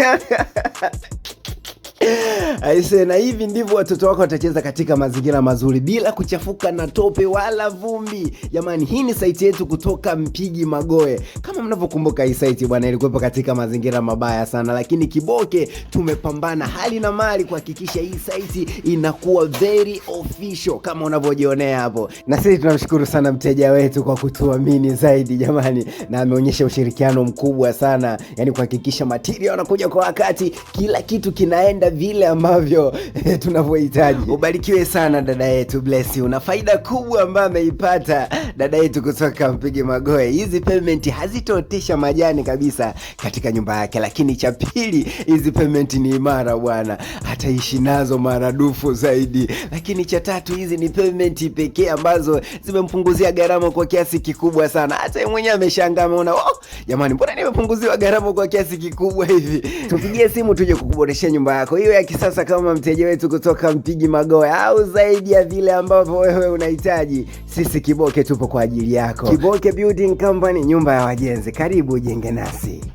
Yeah. Aise, na hivi ndivyo watoto wako watacheza katika mazingira mazuri bila kuchafuka na tope wala vumbi. Jamani, hii ni saiti yetu kutoka Mpigi Magoe. Kama mnavyokumbuka, hii saiti bwana ilikuwepo katika mazingira mabaya sana, lakini Kiboke tumepambana hali na mali kuhakikisha hii saiti inakuwa very official kama unavyojionea hapo, na sisi tunamshukuru sana mteja wetu kwa kutuamini zaidi jamani, na ameonyesha ushirikiano mkubwa sana, yani kuhakikisha material anakuja kwa wakati, kila kitu kinaenda vile ambavyo ambavyo tunavyohitaji. Ubarikiwe sana dada yetu Bless, una faida kubwa ambayo ameipata dada yetu kutoka Mpige Magoe. Hizi payment hazitootesha majani kabisa katika nyumba yake, lakini cha pili, hizi payment ni imara bwana, ataishi nazo maradufu zaidi. Lakini cha tatu, hizi ni payment pekee ambazo zimempunguzia gharama kwa kiasi kikubwa sana, hata yeye mwenyewe ameshangaa, ameona oh, Jamani, mbona nimepunguziwa gharama kwa kiasi kikubwa hivi? Tupigie simu tuje kukuboreshia nyumba yako hiyo ya kisasa kama mteja wetu kutoka Mpigi Magoya, au zaidi ya vile ambavyo wewe unahitaji. Sisi Kiboke tupo kwa ajili yako. Kiboke Building Company, nyumba ya wajenzi. Karibu ujenge nasi.